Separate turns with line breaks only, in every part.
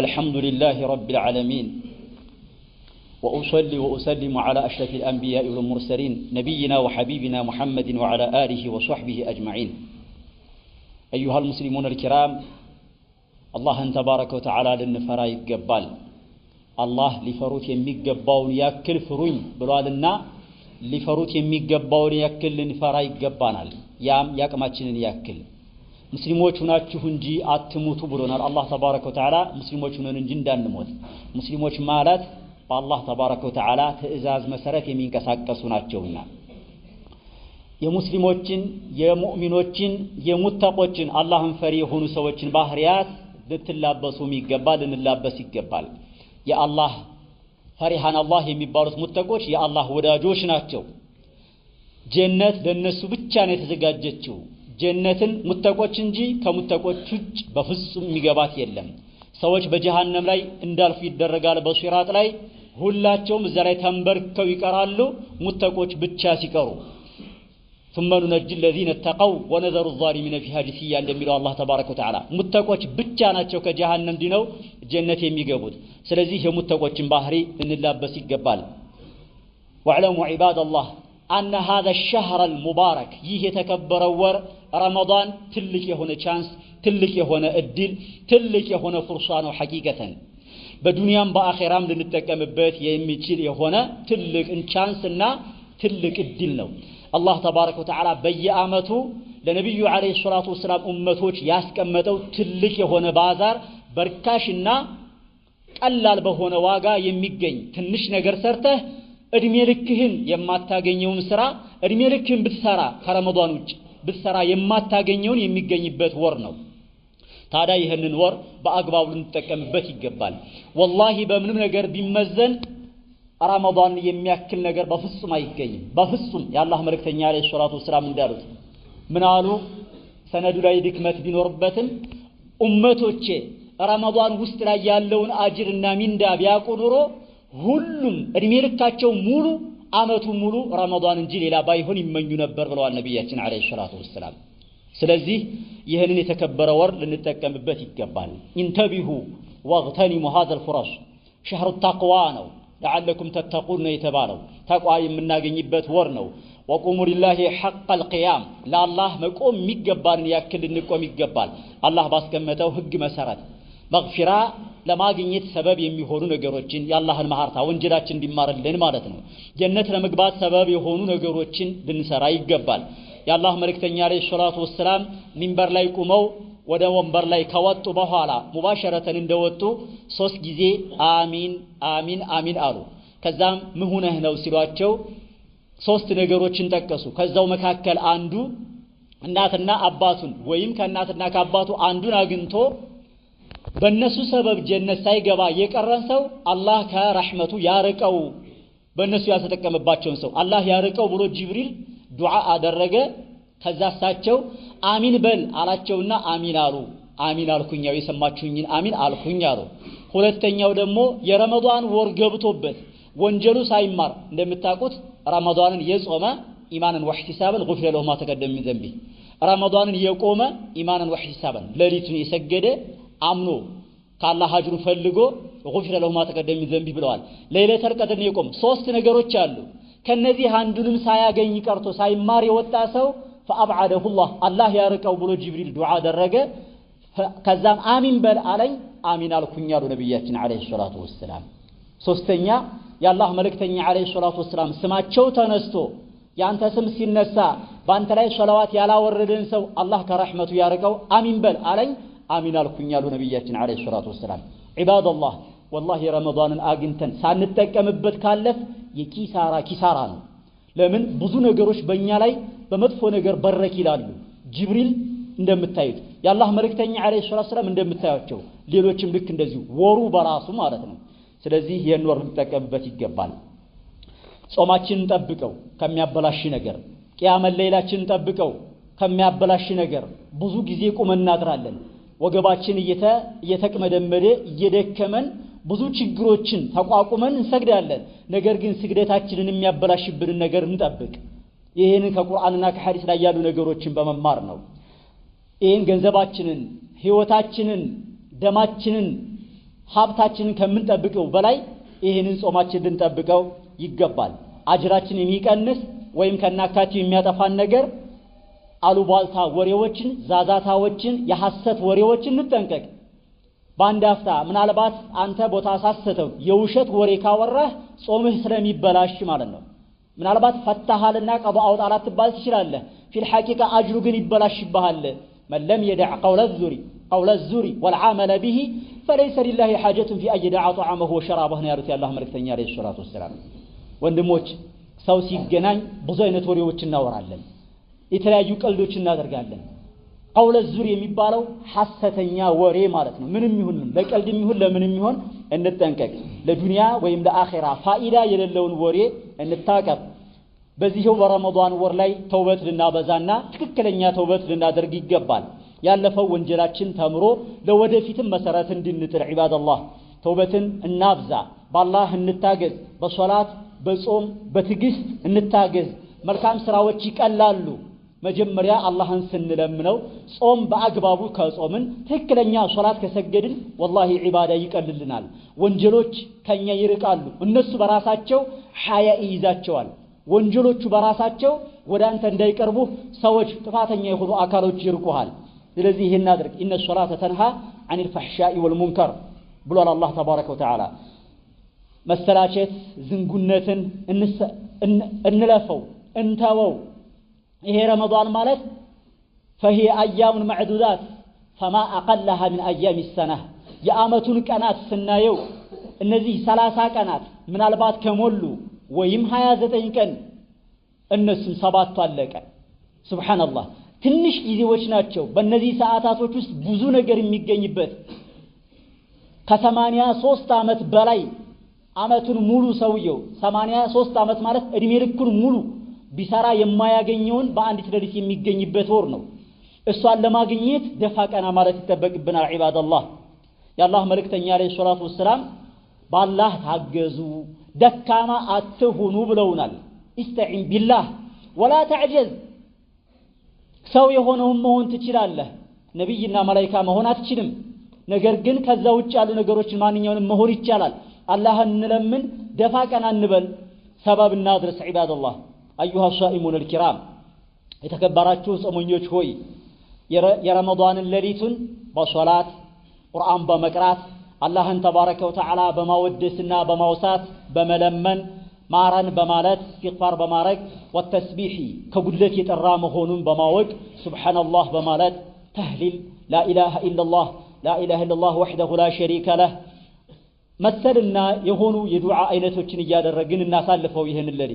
الحمد لله رب العالمين وأصلي وأسلم على أشرف الأنبياء والمرسلين نبينا وحبيبنا محمد وعلى آله وصحبه أجمعين أيها المسلمون الكرام الله تبارك وتعالى للنفراء الجبال الله لفروت يمي ياكل فروين بلوالنا لفروت يمي قباون ياكل لنفراء الجبال يام ما تشنين ياكل ሙስሊሞች ሁናችሁ እንጂ አትሙቱ ብሎናል አላህ ተባረከ ወተዓላ። ሙስሊሞች ሁነን እንጂ እንዳንሞት። ሙስሊሞች ማለት በአላህ ተባረከ ወተዓላ ትእዛዝ መሰረት የሚንቀሳቀሱ ናቸውና የሙስሊሞችን የሙእሚኖችን የሙተቆችን አላህን ፈሪ የሆኑ ሰዎችን ባህሪያት ልትላበሱም ይገባል፣ ልንላበስ ይገባል። የአላህ ፈሪሃን አላህ የሚባሉት ሙተቆች የአላህ ወዳጆች ናቸው። ጀነት ለእነሱ ብቻ ነው የተዘጋጀችው። ጀነትን ሙተቆች እንጂ ከሙተቆች ውጭ በፍጹም የሚገባት የለም። ሰዎች በጀሃነም ላይ እንዳልፉ ይደረጋል። በሲራጥ ላይ ሁላቸውም እዛ ላይ ተንበርከው ይቀራሉ፣ ሙተቆች ብቻ ሲቀሩ። ثم ننجي الذين اتقوا ونذر الظالمين فيها جثيا እንደሚለው አላህ ተባረከ ወተዓላ ሙተቆች ብቻ ናቸው ከጀሃነም ድነው ጀነት የሚገቡት። ስለዚህ የሙተቆችን ባህሪ እንላበስ ይገባል። واعلموا عباد الله أن هذا الشهر المبارك ይህ የተከበረው ወር ረመዳን ትልቅ የሆነ ቻንስ፣ ትልቅ የሆነ እድል፣ ትልቅ የሆነ ፍርሷ ነው። ሐቂቀተን በዱንያም በአኼራም ልንጠቀምበት የሚችል የሆነ ትልቅ ቻንስና ትልቅ እድል ነው። አላህ ተባረከ ወተዓላ በየዓመቱ ለነቢዩ ዓለይሂ ሰላቱ ወሰላም ኡመቶች ያስቀመጠው ትልቅ የሆነ ባዛር በርካሽና ቀላል በሆነ ዋጋ የሚገኝ ትንሽ ነገር ሰርተህ እድሜ ልክህን የማታገኘውን ስራ እድሜ ልክህን ብትሰራ ከረመዷን ውጭ ብትሰራ የማታገኘውን የሚገኝበት ወር ነው። ታዲያ ይህንን ወር በአግባቡ ልንጠቀምበት ይገባል። ወላሂ በምንም ነገር ቢመዘን ረመዳን የሚያክል ነገር በፍጹም አይገኝም። በፍጹም የአላህ መልእክተኛ ዓለይሂ ሰላቱ ወሰላም እንዳሉት ምን አሉ? ሰነዱ ላይ ድክመት ቢኖርበትም ኡመቶቼ ረመዳን ውስጥ ላይ ያለውን አጅርና ሚንዳ ቢያውቁ ኑሮ ሁሉም እድሜ ልካቸው ሙሉ አመቱን ሙሉ ረመዳን እንጂ ሌላ ባይሆን ይመኙ ነበር ብለዋል ነቢያችን አለይሂ ሰላቱ ወሰላም። ስለዚህ ይህንን የተከበረ ወር ልንጠቀምበት ይገባል። ኢንተቢሁ ወግተኒሙ ሀዘል ፍረሽ ሸህሩ ታቅዋ ነው ለዓለኩም ተተቁን ነው የተባለው። ተቋ የምናገኝበት ወር ነው። ወቁሙ ሊላሂ ሐቀል ቂያም ለአላህ መቆም የሚገባንን ያክል ልንቆም ይገባል። አላህ ባስቀመጠው ህግ መሰረት መግፊራ ለማግኘት ሰበብ የሚሆኑ ነገሮችን የአላህን መሀርታ ወንጀላችን እንዲማርልን ማለት ነው። ጀነት ለመግባት ሰበብ የሆኑ ነገሮችን ልንሰራ ይገባል። የአላህ መልእክተኛ ዓለይሂ ሰላቱ ወሰላም ሚንበር ላይ ቁመው ወደ ወንበር ላይ ከወጡ በኋላ ሙባሸረተን እንደወጡ ሶስት ጊዜ አሚን አሚን አሚን አሉ። ከዛም ምን ሆነህ ነው ሲሏቸው ሶስት ነገሮችን ጠቀሱ። ከዛው መካከል አንዱ እናትና አባቱን ወይም ከእናትና ከአባቱ አንዱን አግኝቶ በእነሱ ሰበብ ጀነት ሳይገባ የቀረን ሰው አላህ ከረሕመቱ ያርቀው፣ በእነሱ ያልተጠቀመባቸውን ሰው አላህ ያርቀው ብሎ ጅብሪል ዱዓ አደረገ። ከዛ እሳቸው አሚን በል አላቸውና አሚን አሉ። አሚን አልኩኝ፣ ያው የሰማችሁኝን አሚን አልኩኝ አሉ። ሁለተኛው ደግሞ የረመዷን ወር ገብቶበት ወንጀሉ ሳይማር እንደምታውቁት ረመዷንን የጾመ ኢማንን ወሕቲሳበን ጉፊረ ለሁ ማ ተቀደመ ሚን ዘንቢ ረመዷንን የቆመ ኢማንን ወሕቲሳበን ሌሊቱን የሰገደ አምኖ ከአላህ ሀጅሩ ፈልጎ ጉፊረ ለሁ ማ ተቀደመ ሚን ዘንቢ ብለዋል። ለይለተል ቀድር የቆም ሶስት ነገሮች አሉ። ከነዚህ አንዱንም ሳያገኝ ቀርቶ ሳይማር የወጣ ሰው ፈአብዓደሁ አላህ ያርቀው ብሎ ጅብሪል ዱዓ አደረገ። ከዛም አሚን በል አለኝ አሚን አልኩኝ አሉ ነቢያችን ዓለይሂ ሰላቱ ወሰላም። ሶስተኛ የአላህ መልእክተኛ ዓለይሂ ሰላቱ ወሰላም ስማቸው ተነስቶ የአንተ ስም ሲነሳ በአንተ ላይ ሰላዋት ያላወረደን ሰው አላህ ከረሕመቱ ያርቀው አሚን በል አለኝ አሚን አልኩኝ ያሉ ነቢያችን ዓለይሂ ሰላቱ ወሰላም። ዒባደላህ ወላሂ ረመዳንን አግኝተን ሳንጠቀምበት ካለፍ የኪሳራ ኪሳራ ነው። ለምን ብዙ ነገሮች በእኛ ላይ በመጥፎ ነገር በረክ ይላሉ። ጅብሪል እንደምታዩት የአላህ መልእክተኛ ዓለይሂ ሰላቱ ወሰላም እንደምታያቸው፣ ሌሎችም ልክ እንደዚሁ ወሩ በራሱ ማለት ነው። ስለዚህ ይህን ወር ልንጠቀምበት ይገባል። ጾማችንን ጠብቀው ከሚያበላሽ ነገር፣ ቅያመ ሌላችንን ጠብቀው ከሚያበላሽ ነገር ብዙ ጊዜ ቁመን እናድራለን። ወገባችን እየተቅመደመደ እየደከመን ብዙ ችግሮችን ተቋቁመን እንሰግዳለን። ነገር ግን ስግደታችንን የሚያበላሽብንን ነገር እንጠብቅ። ይህንን ከቁርአንና ከሐዲስ ላይ ያሉ ነገሮችን በመማር ነው። ይህን ገንዘባችንን፣ ህይወታችንን፣ ደማችንን፣ ሀብታችንን ከምንጠብቀው በላይ ይህንን ጾማችን ልንጠብቀው ይገባል። አጅራችን የሚቀንስ ወይም ከናካቴው የሚያጠፋን ነገር አሉባልታ ወሬዎችን፣ ዛዛታዎችን፣ የሐሰት ወሬዎችን እንጠንቀቅ። በአንድ አፍታ ምናልባት አንተ ቦታ ሳሰተው የውሸት ወሬ ካወራህ ጾምህ ስለሚበላሽ ማለት ነው። ምናልባት ፈታሃልና ቀዶ አውጣ ላትባል ትችላለህ። ፊል ሐቂቃ አጅሩ ግን ይበላሽብሃል። መን ለም የደዕ ቀውለ ዙሪ ቀውለ ዙሪ ወልዓመለ ቢሂ ፈለይሰ ሊላሂ ሓጀቱን ፊ አን የደዓ ወሸራበህ ነው ያሉት የአላህ መልክተኛ ዓለይሂ ሰላቱ ወሰላም። ወንድሞች ሰው ሲገናኝ ብዙ አይነት ወሬዎች እናወራለን። የተለያዩ ቀልዶች እናደርጋለን። ቀውለ ዙር የሚባለው ሐሰተኛ ወሬ ማለት ነው። ምንም ይሁን ምን፣ ይሁን ለምንም ይሁን እንጠንቀቅ። ለዱንያ ወይም ለአኼራ ፋኢዳ የሌለውን ወሬ እንታቀብ። በዚህው በረመዷን ወር ላይ ተውበት ልናበዛና ትክክለኛ ተውበት ልናደርግ ይገባል። ያለፈው ወንጀላችን ተምሮ ለወደፊትም መሰረት እንድንጥል ዒባደላህ ተውበትን እናብዛ። በአላህ እንታገዝ። በሶላት በጾም በትዕግስት እንታገዝ። መልካም ስራዎች ይቀላሉ። መጀመሪያ አላህን ስንለምነው ጾም በአግባቡ ከጾምን ትክክለኛ ሶላት ከሰገድን ወላሂ ዒባዳ ይቀልልናል። ወንጀሎች ከኛ ይርቃሉ። እነሱ በራሳቸው ሐያ ይይዛቸዋል። ወንጀሎቹ በራሳቸው ወደ አንተ እንዳይቀርቡ ሰዎች፣ ጥፋተኛ የሆኑ አካሎች ይርቁሃል። ስለዚህ ይህን አድርግ። ኢነ ሶላተ ተንሃ አኒል ፈሕሻኢ ወልሙንከር ብሏል አላህ ተባረከ ወተዓላ። መሰላቸት ዝንጉነትን እንለፈው፣ እንተወው ይሄ ረመዷን ማለት ፈሂየ አያሙን መዕዱዳት ፈማ አቀላሃ ሚን አያሚ ሰና የአመቱን ቀናት ስናየው እነዚህ ሰላሳ ቀናት ምናልባት ከሞሉ ወይም ሀያ ዘጠኝ ቀን እነሱም ሰባቱ አለቀ። ሱብሓነላህ ትንሽ ጊዜዎች ናቸው። በእነዚህ ሰዓታቶች ውስጥ ብዙ ነገር የሚገኝበት ከሰማንያ ሶስት ዓመት በላይ አመቱን ሙሉ ሰውየው ሰማንያ ሶስት ዓመት ማለት እድሜ ልኩን ሙሉ ቢሰራ የማያገኘውን በአንዲት ሌሊት የሚገኝበት ወር ነው። እሷን ለማግኘት ደፋ ቀና ማለት ይጠበቅብናል። ዒባደላህ የአላህ መልእክተኛ ዓለይሂ ሰላቱ ወሰላም በአላህ ታገዙ፣ ደካማ አትሁኑ ብለውናል። ኢስተዒን ቢላህ ወላ ተዕጀዝ። ሰው የሆነውን መሆን ትችላለህ፣ ነቢይና መላይካ መሆን አትችልም። ነገር ግን ከዛ ውጭ ያሉ ነገሮችን ማንኛውንም መሆን ይቻላል። አላህን እንለምን፣ ደፋ ቀና እንበል፣ ሰበብ እናድርስ ዒባደላህ أيها الصائمون الكرام يتكبرات صومون يجوي يرمضان الليلتون بصلاة قرآن بمقرات الله تبارك وتعالى بما ودسنا بما وسات بما لمن مارن بمالات استغفار بمارك والتسبيح كقلت يترام هونون بما سبحان الله بمالات تهليل لا إله إلا الله لا إله إلا الله وحده لا شريك له مثلنا يهونو يدعى أينة وشنجاد الرقين الناس اللي فويهن الليل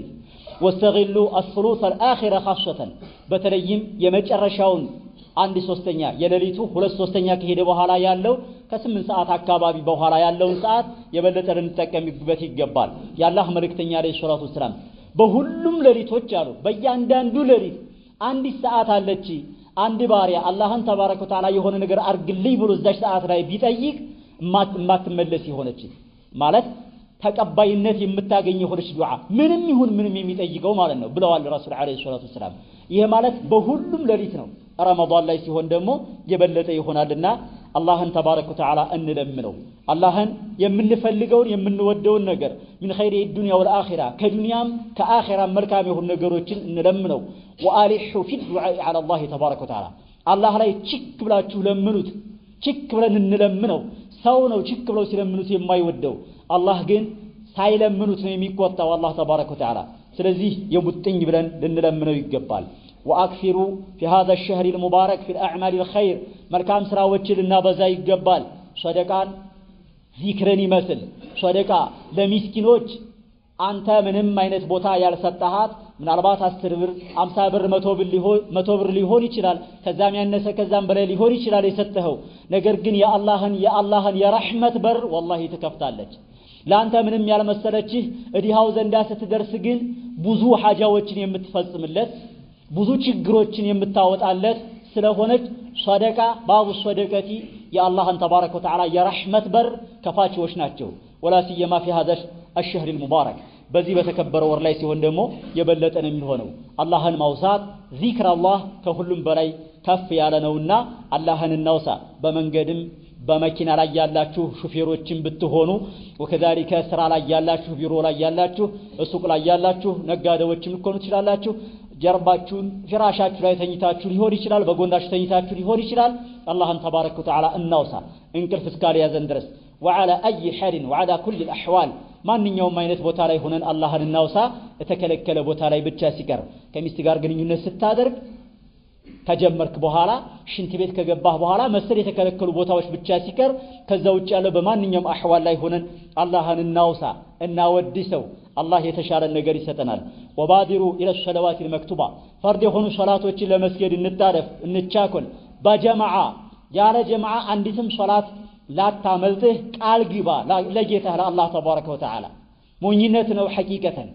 ወስተግሉ አስሉስ አልአኺረ ኻሶተን በተለይም የመጨረሻውን አንድ ሶስተኛ የሌሊቱ ሁለት ሶስተኛ ከሄደ በኋላ ያለው ከስምንት ሰዓት አካባቢ በኋላ ያለውን ሰዓት የበለጠ ልንጠቀምበት ይገባል። የአላህ መልእክተኛ ላይ ሰላቱ ሰላም በሁሉም ሌሊቶች አሉ። በእያንዳንዱ ሌሊት አንዲት ሰዓት አለች። አንድ ባሪያ አላህን ተባረከ ወተዓላ የሆነ ነገር አርግልኝ ብሎ እዛች ሰዓት ላይ ቢጠይቅ የማትመለስ የሆነች ማለት ተቀባይነት የምታገኝ የሆነች ዱዓ ምንም ይሁን ምንም የሚጠይቀው ማለት ነው ብለዋል ረሱል ዓለይሂ ሰላቱ ወሰላም። ይሄ ማለት በሁሉም ሌሊት ነው። ረመዳን ላይ ሲሆን ደግሞ የበለጠ ይሆናልና አላህን ተባረከ ወተዓላ እንለምነው። አላህን የምንፈልገውን የምንወደውን ነገር ሚን ኸይሪ ዱንያ ወልአኺራ ከዱንያም ከአኺራም መልካም የሆኑ ነገሮችን እንለምነው። ወአሊሑ ፊ ዱዓኢ ዐላ አላህ ተባረከ ወተዓላ አላህ ላይ ችክ ብላችሁ ለምኑት። ችክ ብለን እንለምነው። ሰው ነው ችክ ብለው ሲለምኑት የማይወደው አላህ ግን ሳይለምኑት ነው የሚቆጣው አላህ ተባረከ ወተዓላ። ስለዚህ የሙጥኝ ብለን ልንለምነው ይገባል። ወአክሲሩ ፊ ሃዛ ሸህሪ ልሙባረክ ፊ ልአዕማል ልኸይር መልካም ስራዎችን ልናበዛ ይገባል። ሰደቃን ዚክርን ይመስል ሰደቃ ለሚስኪኖች አንተ ምንም አይነት ቦታ ያልሰጠሃት ምናልባት አስር ብር አምሳ ብር መቶ ብር ሊሆን ይችላል። ከዛም ያነሰ ከዛም በላይ ሊሆን ይችላል የሰጠኸው ነገር ግን የአላህን የአላህን የረሕመት በር ወላሂ ትከፍታለች። ለአንተ ምንም ያልመሰለችህ እዲሃው ዘንዳ ስትደርስ ግን ብዙ ሐጃዎችን የምትፈጽምለት ብዙ ችግሮችን የምታወጣለት ስለሆነች ሰደቃ ባቡ ሶደቀቲ የአላህን ተባረከ ወተዓላ የረሕመት በር ከፋችዎች ናቸው። ወላ ሲየማ ፊ ሀዘ አሸህር ልሙባረክ በዚህ በተከበረ ወር ላይ ሲሆን ደግሞ የበለጠ ነው የሚሆነው። አላህን ማውሳት ዚክር አላህ ከሁሉም በላይ ከፍ ያለ ነውና አላህን እናውሳ በመንገድም በመኪና ላይ ያላችሁ ሹፌሮችን ብትሆኑ ወከዛሊከ ስራ ላይ ያላችሁ፣ ቢሮ ላይ ያላችሁ፣ ሱቅ ላይ ያላችሁ ነጋዴዎችም ልትሆኑ ትችላላችሁ። ጀርባችሁን ፍራሻችሁ ላይ ተኝታችሁ ሊሆን ይችላል። በጎናችሁ ተኝታችሁ ሊሆን ይችላል። አላህን ተባረከ ወተዓላ እናውሳ እንቅልፍ እስካልያዘን ድረስ ወዓላ አይ ሐሊን ወዓላ ኩል አሕዋል ማንኛውም አይነት ቦታ ላይ ሆነን አላህን እናውሳ። የተከለከለ ቦታ ላይ ብቻ ሲቀር ከሚስት ጋር ግንኙነት ስታደርግ ከጀመርክ በኋላ ሽንት ቤት ከገባህ በኋላ መሰል የተከለከሉ ቦታዎች ብቻ ሲቀር ከዛ ውጭ ያለው በማንኛውም አህዋል ላይ ሆነን አላህን እናውሳ እናወድሰው። አላህ የተሻለ ነገር ይሰጠናል። ወባዲሩ ኢለ ሰለዋት ልመክቱባ ፈርድ የሆኑ ሶላቶችን ለመስገድ እንጣደፍ፣ እንቻኮል። በጀማዓ ያለ ጀማዓ አንዲትም ሰላት ላታመልጥህ ቃል ግባ ለጌታህ ለአላህ ተባረከ ወተዓላ። ሞኝነት ነው ሐቂቀተን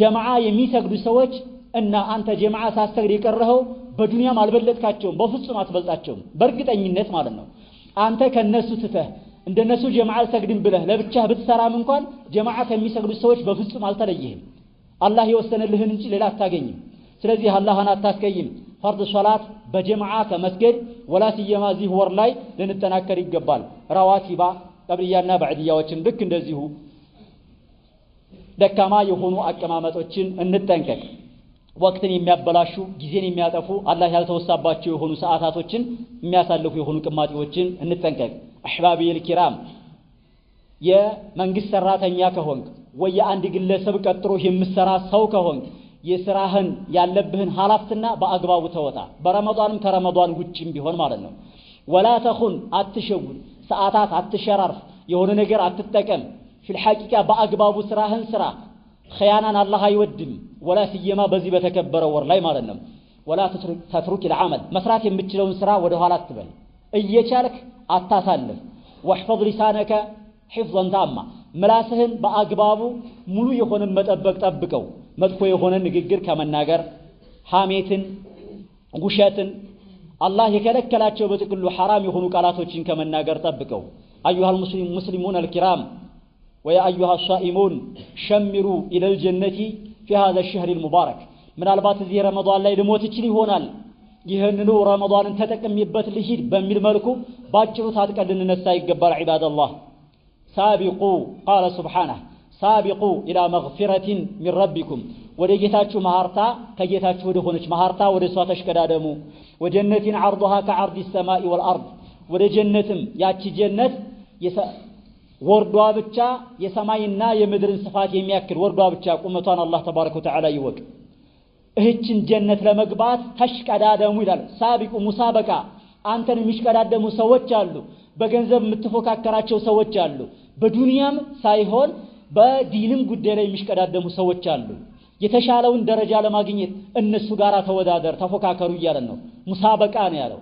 ጀማዓ የሚሰግዱ ሰዎች እና አንተ ጀማዓ ሳትሰግድ የቀረኸው በዱንያም አልበለጥካቸውም፣ በፍጹም አትበልጣቸውም። በእርግጠኝነት ማለት ነው። አንተ ከነሱ ትተህ እንደነሱ ጀማዓ አልሰግድም ብለህ ለብቻህ ብትሰራም እንኳን ጀማዓ ከሚሰግዱት ሰዎች በፍጹም አልተለየህም። አላህ የወሰነልህን እንጂ ሌላ አታገኝም። ስለዚህ አላህን አታስቀይም። ፈርድ ሶላት በጀማዓ ከመስገድ ወላ ሲየማ ዚህ ወር ላይ ልንጠናከር ይገባል። ረዋቲባ ቀብልያና ባዕድያዎችን ልክ እንደዚሁ ደካማ የሆኑ አቀማመጦችን እንጠንቀቅ። ወቅትን የሚያበላሹ ጊዜን የሚያጠፉ አላህ ያልተወሳባቸው የሆኑ ሰዓታቶችን የሚያሳልፉ የሆኑ ቅማጤዎችን እንጠንቀቅ። አሕባቢል ኪራም የመንግስት ሰራተኛ ከሆንክ ወይ የአንድ ግለሰብ ቀጥሮ የምሰራ ሰው ከሆንክ የስራህን ያለብህን ሀላፍትና በአግባቡ ተወጣ። በረመዷንም ከረመዷን ውጭም ቢሆን ማለት ነው። ወላ ተኹን አትሸውድ፣ ሰዓታት አትሸራርፍ፣ የሆነ ነገር አትጠቀም። ፊልሐቂቃ በአግባቡ ስራህን ስራ። ኸያናን አላህ አይወድም። ولا سيما بزي بتكبر ور لاي مالنم ولا تترك تترك العمل مسرات يمتشلون سرا ودوها لا تبل اي يشارك اتاسلف واحفظ لسانك حفظا تاما ملاسهن باقبابو ملو يخون متأبك تأبكو مدفو يخون نقلقر كمان ناقر حاميتن غشاتن الله يكالك لا تشوبتك اللو حرام يخونو كالاتو تشين كمان ناقر تأبكو أيها المسلمون الكرام ويا أيها الصائمون شمروا إلى الجنة في هذا الشهر المبارك ምናልባት እዚህ ረመዷን ላይ ልሞት ይችል ይሆናል ይህንኑ ረመዷንን ተጠቅሜበት ልሂድ በሚል መልኩ ባጭሩ ታጥቀን ልንነሳ ይገባል ዒባደላህ ሳቢቁ ቃለ ሱብሓነህ ሳቢቁ ኢላ መግፊረቲን ሚን ረቢኩም ወደ ጌታችሁ መሀርታ ከጌታችሁ ወደ ሆነች መሀርታ ወደ እሷ ተሽቀዳደሙ ወጀነቲን ዐርضሃ ከዐርድ ሰማኢ ወልአርድ ወደ ጀነትም ያቺ ጀነት ወርዷ ብቻ የሰማይና የምድርን ስፋት የሚያክል ወርዷ ብቻ ቁመቷን አላህ ተባረከ ወተዓላ ይወቅ። እህችን ጀነት ለመግባት ተሽቀዳደሙ ይላል። ሳቢቁ ሙሳበቃ፣ አንተን የሚሽቀዳደሙ ሰዎች አሉ። በገንዘብ የምትፎካከራቸው ሰዎች አሉ። በዱንያም ሳይሆን በዲንም ጉዳይ ላይ የሚሽቀዳደሙ ሰዎች አሉ። የተሻለውን ደረጃ ለማግኘት እነሱ ጋር ተወዳደር፣ ተፎካከሩ እያለን ነው። ሙሳበቃ ነው ያለው፣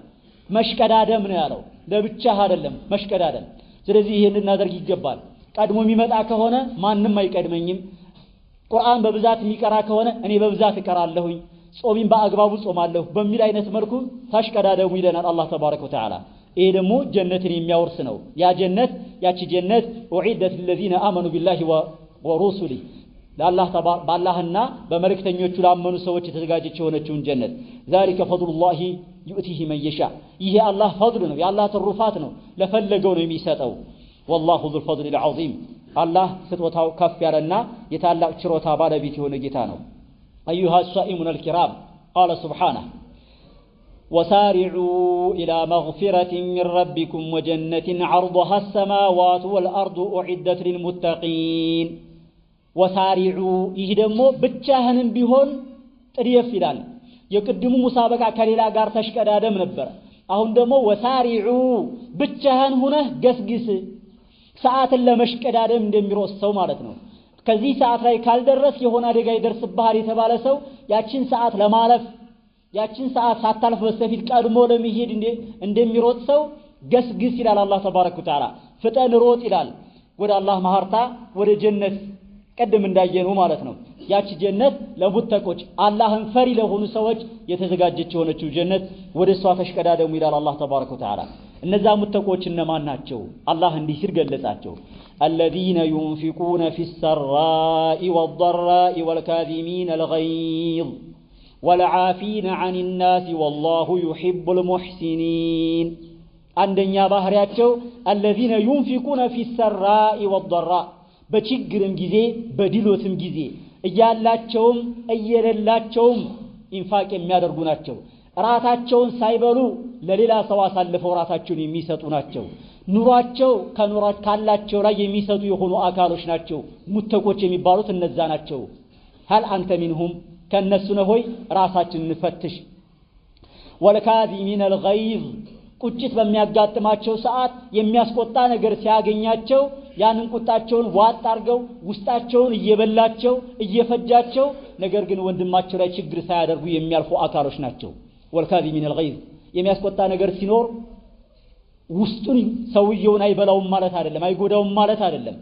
መሽቀዳደም ነው ያለው። ለብቻህ አይደለም መሽቀዳደም ስለዚህ ይሄን ልናደርግ ይገባል። ቀድሞ የሚመጣ ከሆነ ማንም አይቀድመኝም። ቁርአን በብዛት የሚቀራ ከሆነ እኔ በብዛት እቀራለሁኝ፣ ጾሚን በአግባቡ ጾማለሁ በሚል አይነት መልኩ ታሽቀዳደሙ ይለናል አላህ ተባረከ ወተዓላ። ይሄ ደግሞ ጀነትን የሚያወርስ ነው። ያ ጀነት ያቺ ጀነት ኡዒደት ለዚነ አመኑ ቢላሂ ወሩሱሊ በአላህና በመልእክተኞቹ ላመኑ ሰዎች የተዘጋጀች የሆነችውን ጀነት ዛሊከ ፈድሉላሂ يؤتيه من يشاء إيه الله فضلنا يا الله تروفاتنا لفلقون يميساته والله ذو الفضل العظيم الله ستوتاو كفر لنا يتعلق شروطا بعد بيته نجتانا أيها السائمون الكرام قال سبحانه وسارعوا إلى مغفرة من ربكم وجنة عرضها السماوات والأرض أعدت للمتقين وسارعوا يهدموا بجاهن بهون تريف لنا የቅድሙ ሙሳበቃ ከሌላ ጋር ተሽቀዳደም ነበር። አሁን ደግሞ ወሳሪዑ ብቻህን ሁነህ ገስግስ፣ ሰዓትን ለመሽቀዳደም እንደሚሮጥ ሰው ማለት ነው። ከዚህ ሰዓት ላይ ካልደረስ የሆነ አደጋ ይደርስብሃል የተባለ ሰው ያችን ሰዓት ለማለፍ ያችን ሰዓት ሳታልፍ በስተፊት ቀድሞ ለመሄድ እንደሚሮጥ ሰው ገስግስ ይላል አላህ ተባረከ ወተዓላ። ፍጠን ሮጥ ይላል ወደ አላህ ማህርታ ወደ ጀነት ቀደም እንዳየነው ማለት ነው። ያቺ ጀነት ለሙተቆች አላህን ፈሪ ለሆኑ ሰዎች የተዘጋጀች የሆነችው ጀነት ወደ እሷ ተሽቀዳደሙ ይላል አላህ ተባረከ ወተዓላ። እነዛ ሙተቆች እነማን ናቸው? አላህ እንዲህ ሲል ገለጻቸው። الذين ينفقون في السراء والضراء والكاذمين الغيظ والعافين عن الناس والله يحب المحسنين عندنا ባህሪያቸው الذين ينفقون في السراء والضراء በችግርም ጊዜ በድሎትም ጊዜ እያላቸውም እየሌላቸውም ኢንፋቅ የሚያደርጉ ናቸው። ራታቸውን ሳይበሉ ለሌላ ሰው አሳልፈው ራታቸውን የሚሰጡ ናቸው። ኑሯቸው ከኑሯ ካላቸው ላይ የሚሰጡ የሆኑ አካሎች ናቸው። ሙተቆች የሚባሉት እነዛ ናቸው። ሀል አንተ ሚንሁም ከእነሱ ነው ሆይ ራሳችን እንፈትሽ። ወልካዚሚነል ገይዝ ቁጭት በሚያጋጥማቸው ሰዓት የሚያስቆጣ ነገር ሲያገኛቸው ያንን ቁጣቸውን ዋጥ አርገው ውስጣቸውን እየበላቸው እየፈጃቸው፣ ነገር ግን ወንድማቸው ላይ ችግር ሳያደርጉ የሚያልፉ አካሎች ናቸው። ወልካዚሚን አልገይዝ የሚያስቆጣ ነገር ሲኖር ውስጡን ሰውየውን አይበላውም ማለት አይደለም፣ አይጎዳውም ማለት አይደለም።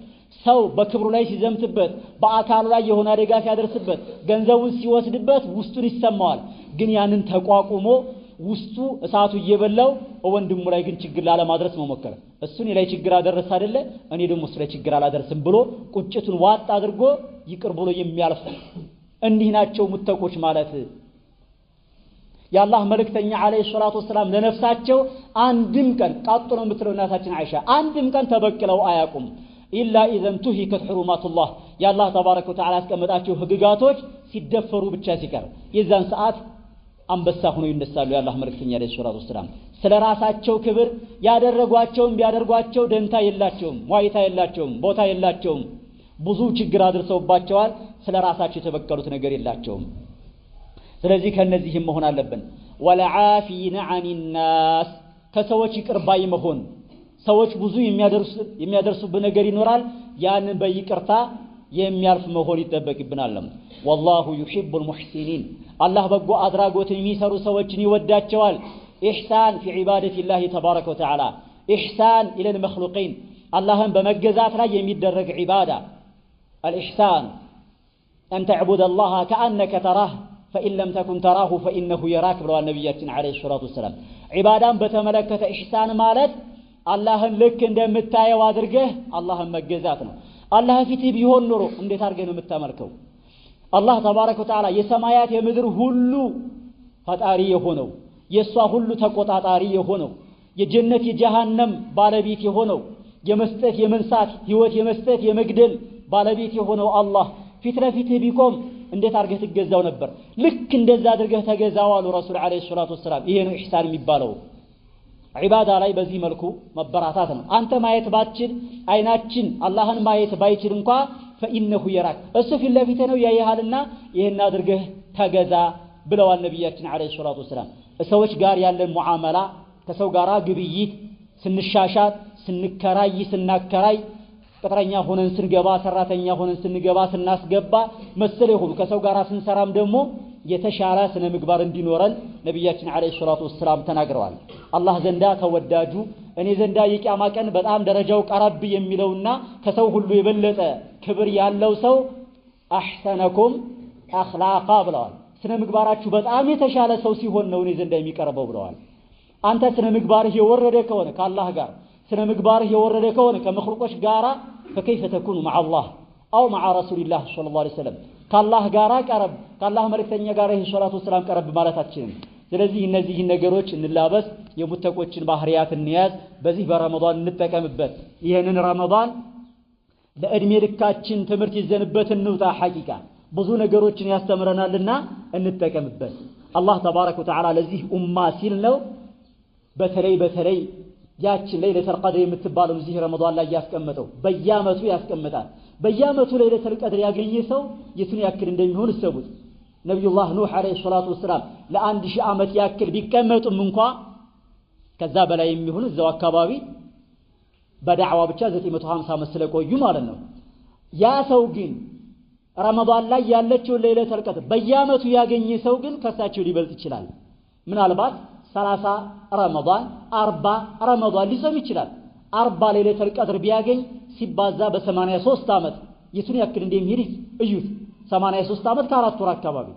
ሰው በክብሩ ላይ ሲዘምትበት፣ በአካሉ ላይ የሆነ አደጋ ሲያደርስበት፣ ገንዘቡን ሲወስድበት ውስጡን ይሰማዋል። ግን ያንን ተቋቁሞ ውስጡ እሳቱ እየበላው ወንድሙ ላይ ግን ችግር ላለማድረስ መሞከረ። እሱ እኔ ላይ ችግር አደረስ አይደለ እኔ ደግሞ እሱ ላይ ችግር አላደርስም ብሎ ቁጭቱን ዋጥ አድርጎ ይቅር ብሎ የሚያልፍ እንዲህ ናቸው ሙተቆች ማለት። የአላህ መልእክተኛ አለይሂ ሰላቱ ወሰላም ለነፍሳቸው አንድም ቀን ቃጡ ነው የምትለው እናታችን አይሻ አንድም ቀን ተበቅለው አያውቁም። ኢላ ኢዘን ቱሂከት ሕሩማቱላህ የአላህ ተባረከ ወተዓላ ያስቀመጣቸው ህግጋቶች ሲደፈሩ ብቻ ሲቀር የዛን ሰዓት አንበሳ ሆኖ ይነሳሉ የአላህ መልእክተኛ ዓለይሂ ሰላቱ ወሰላም። ስለ ራሳቸው ክብር ያደረጓቸውም ቢያደርጓቸው ደንታ የላቸውም፣ ዋይታ የላቸውም፣ ቦታ የላቸውም። ብዙ ችግር አድርሰውባቸዋል። ስለ ራሳቸው የተበቀሉት ነገር የላቸውም። ስለዚህ ከእነዚህም መሆን አለብን። ወለዓፊነ አን ከሰዎች ይቅርባይ መሆን ሰዎች ብዙ የሚያደርሱብን ነገር ይኖራል። ያንን በይቅርታ የሚያልፍ መሆን ይጠበቅብናል። ወላሁ ዩሂቡል ሙሕሲኒን الله بقو أدراغو تنميسر سواجن يودات جوال إحسان في عبادة الله تبارك وتعالى إحسان إلى المخلوقين اللهم بمجزات لا يمد الرق عبادة الإحسان أن تعبد الله كأنك تراه فإن لم تكن تراه فإنه يراك بروا النبي عليه الصلاة والسلام عبادة بتملكة إحسان مالت اللهم لك أن دمتا يوادرقه اللهم مجزاتنا الله في بيهون نرو أن دي تارجنا متملكه አላህ ተባረከ ወተዓላ የሰማያት የምድር ሁሉ ፈጣሪ የሆነው የእሷ ሁሉ ተቆጣጣሪ የሆነው የጀነት የጀሃነም ባለቤት የሆነው የመስጠት የመንሳት ህይወት የመስጠት የመግደል ባለቤት የሆነው አላህ ፊት ለፊትህ ቢቆም እንዴት አድርገህ ትገዛው ነበር? ልክ እንደዛ አድርገህ ተገዛው አሉ ረሱል ዓለይሂ ሰላቱ ወሰላም። ይሄ ነው ኢሕሳን የሚባለው። ዒባዳ ላይ በዚህ መልኩ መበራታት ነው። አንተ ማየት ባችል አይናችን አላህን ማየት ባይችል እንኳ ፈኢነሁ የራክ እሱ ፊት ለፊት ነው ያይሃልና ይህን አድርገህ ተገዛ ብለዋል ነቢያችን ዓለይሂ ሰላቱ ወሰላም። ሰዎች ጋር ያለን ሙዓመላ ከሰው ጋር ግብይት ስንሻሻት፣ ስንከራይ፣ ስናከራይ፣ ቅጥረኛ ሆነን ስንገባ፣ ሰራተኛ ሆነን ስንገባ፣ ስናስገባ መሰለ ይሁን ከሰው ጋር ስንሰራም ደግሞ የተሻለ ስነ ምግባር እንዲኖረን ነቢያችን ዓለይሂ ሰላቱ ወሰላም ተናግረዋል። አላህ ዘንዳ ተወዳጁ እኔ ዘንዳ የቂያማ ቀን በጣም ደረጃው ቀረብ የሚለውና ከሰው ሁሉ የበለጠ ክብር ያለው ሰው አሕሰነኩም አኽላቃ ብለዋል። ስነ ምግባራችሁ በጣም የተሻለ ሰው ሲሆን ነው እኔ ዘንዳ የሚቀርበው ብለዋል። አንተ ስነ ምግባርህ የወረደ ከሆነ ከአላህ ጋር ስነ ምግባርህ የወረደ ከሆነ ከመክሉቆች ጋራ ፈከይፈ ተኩኑ ማዓ አላህ አው ማዓ ረሱሊላህ ሰለላሁ ዐለይሂ ወሰለም ከአላህ ጋራ ቀረብ ከአላህ መልእክተኛ ጋር ይህ ሰላቱ ወሰላም ቀረብ ማለት ስለዚህ እነዚህ ነገሮች እንላበስ፣ የሙተቆችን ባህሪያት እንያዝ፣ በዚህ በረመዳን እንጠቀምበት። ይህንን ረመዳን ለእድሜ ልካችን ትምህርት ይዘንበት እንውጣ። ሐቂቃ ብዙ ነገሮችን ያስተምረናልና እንጠቀምበት። አላህ ተባረከ ወተዓላ ለዚህ ኡማ ሲል ነው በተለይ በተለይ ያችን ለይለተል ቀድር የምትባለው እዚህ ረመዳን ላይ ያስቀመጠው በየዓመቱ ያስቀምጣል። በየአመቱ ለይለተል ቀድር ያገኘ ሰው የቱን ያክል እንደሚሆን እሰቡት። ነቢዩላህ ኑህ ዓለይሂ ሰላቱ ወሰላም ለአንድ ሺህ ዓመት ያክል ቢቀመጡም እንኳ ከዛ በላይ የሚሆኑ እዛው አካባቢ በዳዕዋ ብቻ 950 ዓመት ስለቆዩ ማለት ነው። ያ ሰው ግን ረመዳን ላይ ያለችውን ለይለቱል ቀድር በየዓመቱ ያገኘ ሰው ግን ከእሳቸው ሊበልጥ ይችላል። ምናልባት 30 ረመዳን፣ 40 ረመዳን ሊጾም ይችላል። 40 ለይለቱል ቀድር ቢያገኝ ሲባዛ በ83 ዓመት የቱን ያክል እንደሚሄድ እዩት። 83 ዓመት ከአራት ወር አካባቢ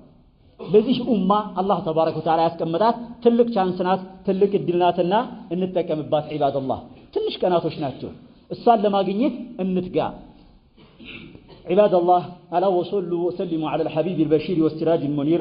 ለዚህ ኡማ አላህ ተባረከ ወተዓላ ያስቀመጣት ትልቅ ቻንስ ናት፣ ትልቅ እድል ናትና እንጠቀምባት። ዒባደላህ ትንሽ ቀናቶች ናቸው። እሷን ለማግኘት እንትጋ። ዒባደላህ አላ ወሰሉ ወሰሊሙ ዐለል ሐቢብ አልበሺር ወሲራጅ ሙኒር